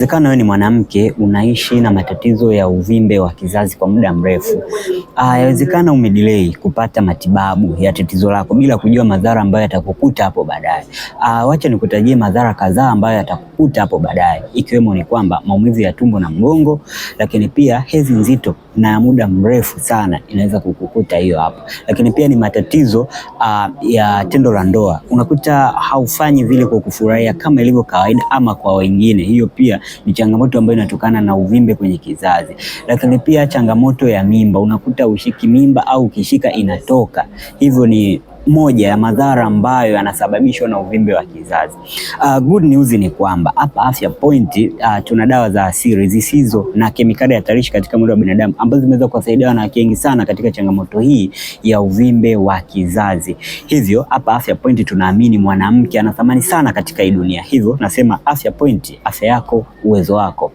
Inawezekana wewe ni mwanamke unaishi na matatizo ya uvimbe wa kizazi kwa muda mrefu. Ah, yawezekana umedelay kupata matibabu ya tatizo lako bila kujua madhara ambayo yatakukuta hapo baadaye. Ah, wacha nikutajie madhara kadhaa ambayo yatakukuta hapo baadaye, ikiwemo ni kwamba maumivu ya tumbo na mgongo, lakini pia hedhi nzito na ya muda mrefu sana inaweza kukukuta hiyo hapo. Lakini pia ni matatizo aa, ah, ya tendo la ndoa, unakuta haufanyi vile kwa kufurahia kama ilivyo kawaida ama kwa wengine, hiyo pia ni changamoto ambayo inatokana na uvimbe kwenye kizazi. Lakini pia changamoto ya mimba, unakuta ushiki mimba au ukishika inatoka, hivyo ni moja ya madhara ambayo yanasababishwa na uvimbe wa kizazi. Uh, good news ni kwamba hapa Afya Point uh, tuna dawa za asili zisizo na kemikali hatarishi katika mwili wa binadamu ambazo zimeweza kuwasaidia wanawake wengi sana katika changamoto hii ya uvimbe wa kizazi. Hivyo hapa Afya Point tunaamini mwanamke ana thamani sana katika hii dunia, hivyo nasema Afya Point, afya yako, uwezo wako.